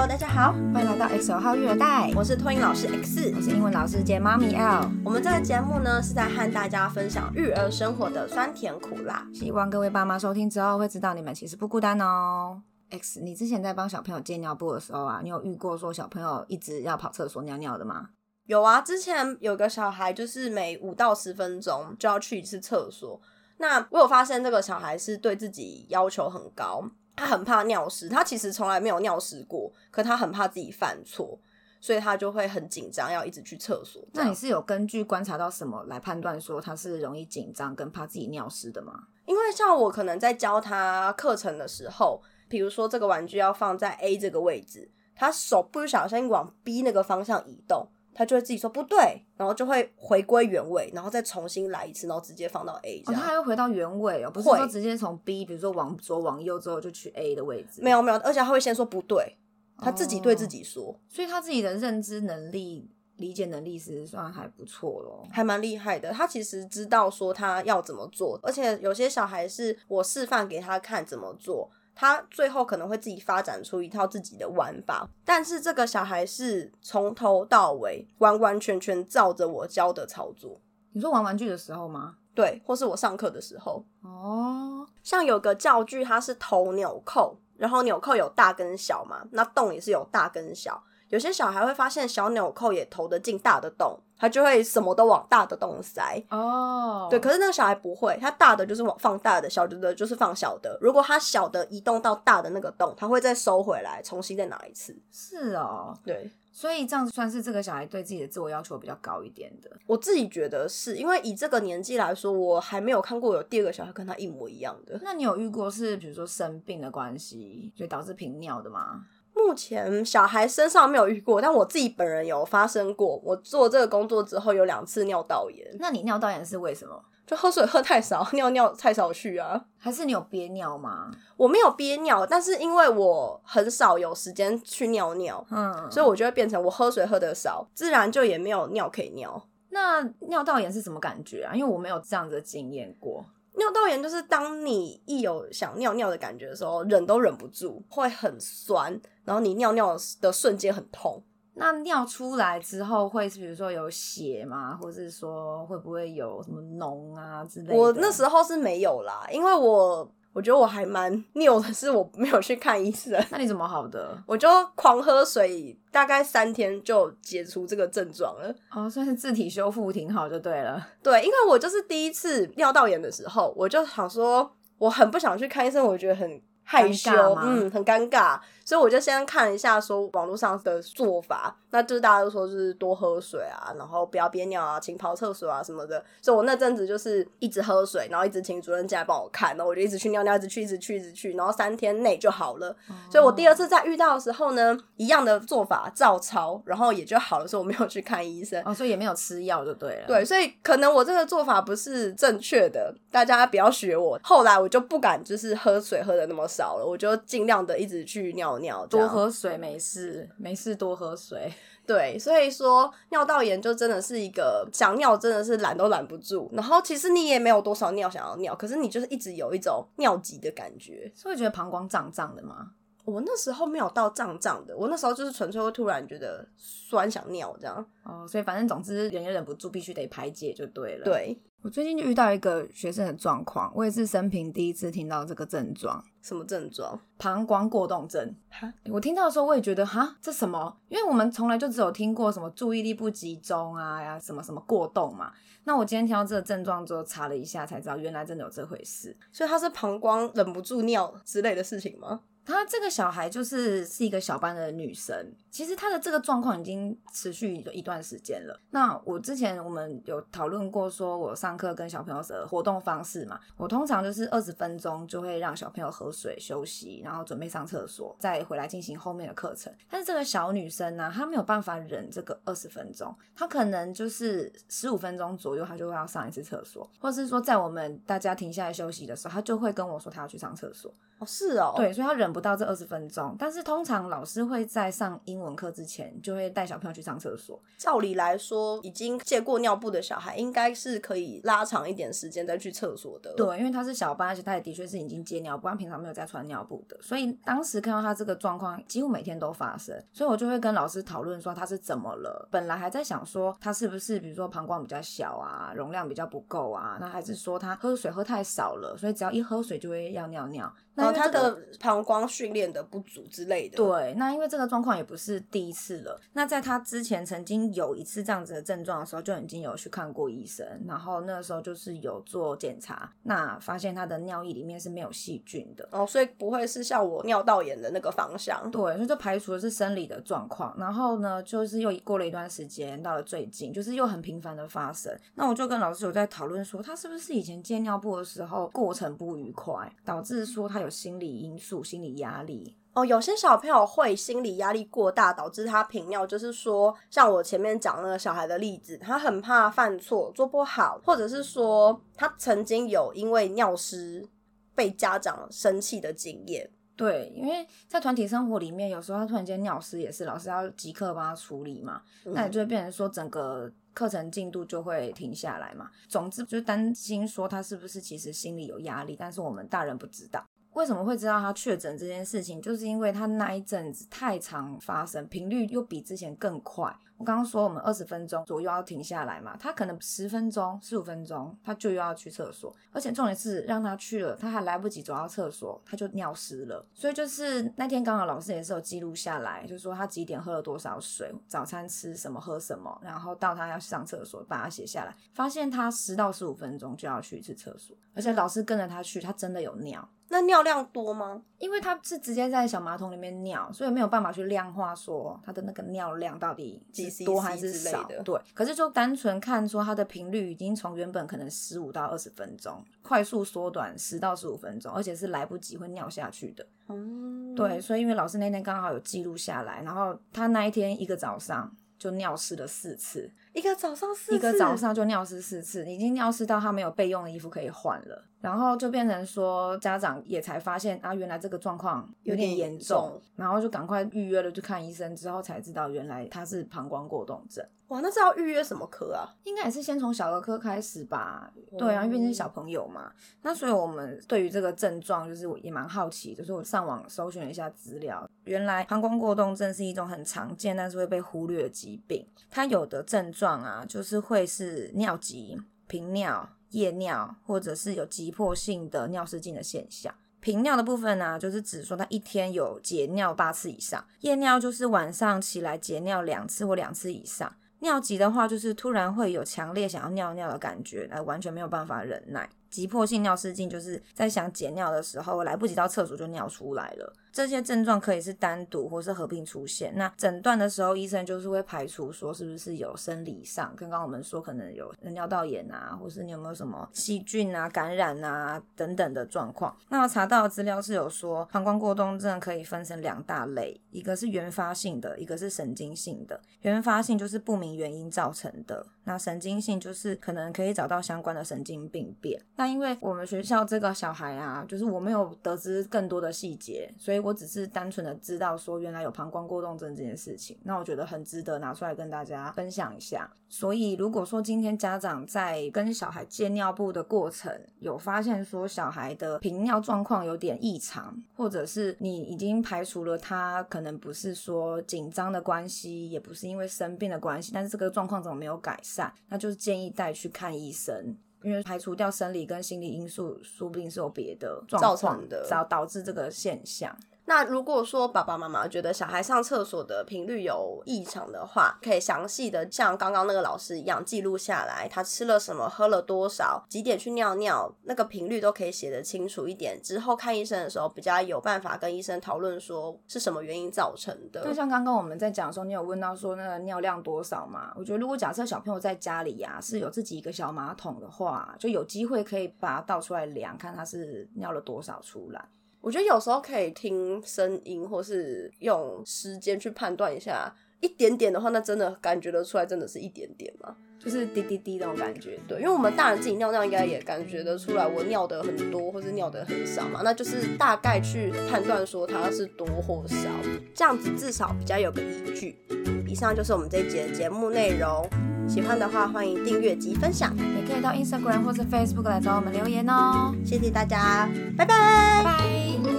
Hello，大家好，歡迎來到 XL 號育兒袋。我是托嬰老師 X，我是英文老師兼媽咪 L。我們這個節目呢，是在和大家分享育兒生活的酸甜苦辣。希望各位爸媽收聽之後，會知道你們其實不孤單哦。X，你之前在幫小朋友戒尿布的時候啊，你有遇過說小朋友一直要跑廁所尿尿的嗎？有啊，之前有個小孩，就是每五到十分鐘就要去一次廁所。那我有發現這個小孩是對自己要求很高。他很怕尿濕，他其實從來沒有尿濕過，可他很怕自己犯錯，所以他就會很緊張，要一直去廁所。那你是有根據觀察到什麼來判斷說他是容易緊張跟怕自己尿濕的嗎？因為像我可能在教他課程的時候，比如說這個玩具要放在 A 這個位置，他手不小心往 B 那個方向移動。他就會自己說不對，然後就會回歸原位，然後再重新來一次，然後直接放到 A。哦，他還會回到原位哦，不是說直接從 B，比如說往左往右之後就去 A 的位置。沒有沒有，而且他會先說不對，他自己對自己說。哦，所以他自己的認知能力、理解能力是算還不錯咯，還蠻厲害的。他其實知道說他要怎麼做，而且有些小孩是我示範給他看怎麼做。他最後可能會自己發展出一套自己的玩法，但是這個小孩是從頭到尾完完全全照着我教的操作。你說玩玩具的時候嗎？對，或是我上課的時候。哦，oh，像有個教具，它是頭紐扣，然後紐扣有大跟小嘛，那洞也是有大跟小。有些小孩會發現小紐扣也投得進大的洞，他就會什麼都往大的洞塞。哦、oh，對，可是那個小孩不會，他大的就是往放大的，小的的就是放小的。如果他小的移動到大的那個洞，他會再收回來，重新再拿一次。是哦，對，所以這樣算是這個小孩對自己的自我要求比較高一點的。我自己覺得是因為以這個年紀來說，我還沒有看過有第二個小孩跟他一模一樣的。那你有遇過是比如說生病的關係，所以導致頻尿的嗎？目前小孩身上沒有遇過，但我自己本人有發生過。我做這個工作之後有兩次尿道炎。那你尿道炎是為什麼？就喝水喝太少，尿尿太少去啊？還是你有憋尿嗎？我沒有憋尿，但是因為我很少有時間去尿尿，嗯，所以我就會變成我喝水喝得少，自然就也沒有尿可以尿。那尿道炎是什麼感覺啊？因為我沒有這樣子的經驗過。尿道炎就是當你一有想尿尿的感覺的時候，忍都忍不住，會很酸，然後你尿尿的瞬間很痛。那尿出來之後會是，比如說有血嗎？或是說會不會有什麼膿啊之類的？我那時候是沒有啦，因為我。我覺得我還蠻拗的，是我沒有去看醫生。那你怎麼好的？ 我就狂喝水，大概三天就解除這個症狀了。哦，算是自體修復，挺好，就對了。對，因為我就是第一次尿道炎的時候，我就想說，我很不想去看醫生，我覺得很。害羞，嗯，很尷尬，所以我就先看一下說網絡上的做法，那就是大家都說就是多喝水啊，然後不要憋尿啊，勤跑廁所啊什麼的。所以我那陣子就是一直喝水，然後一直請主任進來幫我看，然後我就一直去尿尿一直去，一直去，一直去，一直去，然後三天內就好了。所以我第二次再遇到的時候呢，一樣的做法照抄，然後也就好了，所以我沒有去看醫生，哦，所以也沒有吃藥，就對了。對，所以可能我這個做法不是正確的，大家不要學我。後來我就不敢就是喝水喝的那麼。少了，我就盡量的一直去尿尿，多喝水沒事，沒事多喝水。對，所以說尿道炎就真的是一個想尿，真的是攔都攔不住，然後其實你也沒有多少尿想要尿，可是你就是一直有一種尿急的感覺，所以覺得膀胱脹脹的嗎？我那時候沒有到脹脹的，我那時候就是純粹會突然覺得酸想尿這樣。哦，所以反正總之忍也忍不住，必須得排解就對了。對，我最近就遇到一個學生的狀況，我也是生平第一次聽到這個症狀。什麼症狀？膀胱過動症。哈、欸，我聽到的時候我也覺得哈，這什麼？因為我們從來就只有聽過什麼注意力不集中啊呀、啊，什麼什麼過動嘛。那我今天聽到這個症狀之後，查了一下才知道，原來真的有這回事。所以它是膀胱忍不住尿之類的事情嗎？她這個小孩就是是一個小班的女生，其實她的這個狀況已經持續有一段時間了。那我之前我們有討論過，說我上課跟小朋友的活動方式嘛，我通常就是二十分鐘就會讓小朋友喝水休息，然後準備上廁所，再回來進行後面的課程。但是這個小女生呢，她沒有辦法忍這個二十分鐘，她可能就是十五分鐘左右，她就會要上一次廁所，或者是說在我們大家停下來休息的時候，她就會跟我說她要去上廁所。哦，是哦，對，所以她忍不。不到這二十分鐘，但是通常老師會在上英文課之前就會帶小朋友去上廁所。照理來說，已經戒過尿布的小孩應該是可以拉長一點時間再去廁所的。對，因為他是小班，而且他也的確是已經戒尿布，但平常沒有再穿尿布的。所以當時看到他這個狀況，幾乎每天都發生，所以我就會跟老師討論說他是怎麼了。本來還在想說他是不是，比如說膀胱比較小啊，容量比較不夠啊，那還是說他喝水喝太少了，所以只要一喝水就會要尿尿。然後他的膀胱訓練的不足之類的。對，那因為這個狀況也不是第一次了。那在他之前曾經有一次這樣子的症狀的時候，就已經有去看過醫生，然後那個時候就是有做檢查，那發現他的尿液裡面是沒有細菌的。哦，所以不會是像我尿道炎的那個方向。對，所以就排除的是生理的狀況。然後呢，就是又過了一段時間，到了最近，就是又很頻繁的發生。那我就跟老師有在討論說，他是不是以前戒尿布的時候過程不愉快，導致說他有。心理因素、心理壓力哦，有些小朋友會心理壓力過大，導致他頻尿，就是說像我前面講那個小孩的例子，他很怕犯錯、做不好，或者是說他曾經有因為尿濕被家長生氣的經驗。對，因為在團體生活裡面，有時候他突然間尿濕也是，老師要即刻幫他處理嘛，嗯、那也就變成說整個課程進度就會停下來嘛。總之就擔心說他是不是其實心裡有壓力，但是我們大人不知道。為什麼會知道他確診這件事情？就是因為他那一陣子太常發生，頻率又比之前更快。我剛剛說我們二十分鐘左右要停下來嘛，他可能十分鐘、十五分鐘他就又要去廁所，而且重點是讓他去了，他還來不及走到廁所，他就尿濕了。所以就是那天剛好老師也是有記錄下來，就是說他幾點喝了多少水，早餐吃什麼喝什麼，然後到他要上廁所，把他寫下來，發現他十到十五分鐘就要去一次廁所，而且老師跟着他去，他真的有尿。那尿量多嗎？因為他是直接在小馬桶裡面尿，所以沒有辦法去量化說他的那個尿量到底多還是少的。對，可是就單純看說他的頻率已經從原本可能十五到二十分鐘，快速縮短十到十五分鐘，而且是來不及會尿下去的。哦、嗯，對，所以因為老師那天剛好有記錄下來，然後他那一天一個早上，就尿濕了四次，一個早上四次，一個早上就尿濕四次，已經尿濕到他沒有備用的衣服可以換了，然後就變成說家長也才發現啊，原來這個狀況有點嚴重，重，然後就趕快預約了去看醫生，之後才知道原來他是膀胱過動症。哇，那這要預約什麼科啊？應該也是先從小兒科開始吧？Oh. 對啊，因為是小朋友嘛。那所以我們對於這個症狀就是我也蠻好奇，就是我上網搜尋了一下資料。原來膀胱過動症是一種很常見，但是會被忽略的疾病。它有的症狀啊，就是會是尿急、頻尿、夜尿，或者是有急迫性的尿失禁的現象。頻尿的部分呢、啊，就是指說它一天有解尿八次以上；夜尿就是晚上起來解尿兩次或兩次以上；尿急的話，就是突然會有強烈想要尿尿的感覺，而完全沒有辦法忍耐。急迫性尿失禁就是在想解尿的時候，來不及到廁所就尿出來了。這些症狀可以是單獨或是合併出現。那診斷的時候，醫生就是會排除說是不是有生理上，剛剛我們說可能有尿道炎啊，或是你有沒有什麼細菌啊感染啊等等的狀況。那我查到的資料是有說膀胱過動症可以分成兩大類，一個是原發性的，一個是神經性的。原發性就是不明原因造成的，那神經性就是可能可以找到相關的神經病變。那因為我們學校這個小孩啊，就是我沒有得知更多的細節，所以我只是單純的知道說原來有膀胱過動症這件事情，那我覺得很值得拿出來跟大家分享一下。所以如果說今天家長在跟小孩借尿布的過程，有發現說小孩的平尿狀況有點異常，或者是你已經排除了他可能不是說緊張的關係，也不是因為生病的關係，但是這個狀況怎麼沒有改善，那就是建議帶去看醫生。因為排除掉生理跟心理因素，說不定是有別的狀況的，只要導致這個現象。那如果說爸爸媽媽覺得小孩上廁所的頻率有異常的話，可以詳細的像剛剛那個老師一樣記錄下來，他吃了什麼，喝了多少，幾點去尿尿，那個頻率都可以寫得清楚一點。之後看醫生的時候，比較有辦法跟醫生討論說是什麼原因造成的。就像剛剛我們在講的時候，你有問到說那個尿量多少嘛？我覺得如果假設小朋友在家裡呀、啊、是有自己一個小馬桶的話，就有機會可以把它倒出來量，看他是尿了多少出來。我覺得有時候可以聽聲音，或是用時間去判斷一下，一點點的話，那真的感覺得出來，真的是一點點嗎？就是滴滴滴那種感覺。對，因為我們大人自己尿尿，應該也感覺得出來，我尿得很多，或是尿得很少嘛，那就是大概去判斷說它是多或少，這樣子至少比較有個依據。以上就是我們這一集的節目內容，喜歡的話歡迎訂閱及分享，也可以到 Instagram 或是 Facebook 來找我們留言哦、喔。謝謝大家，拜拜。拜拜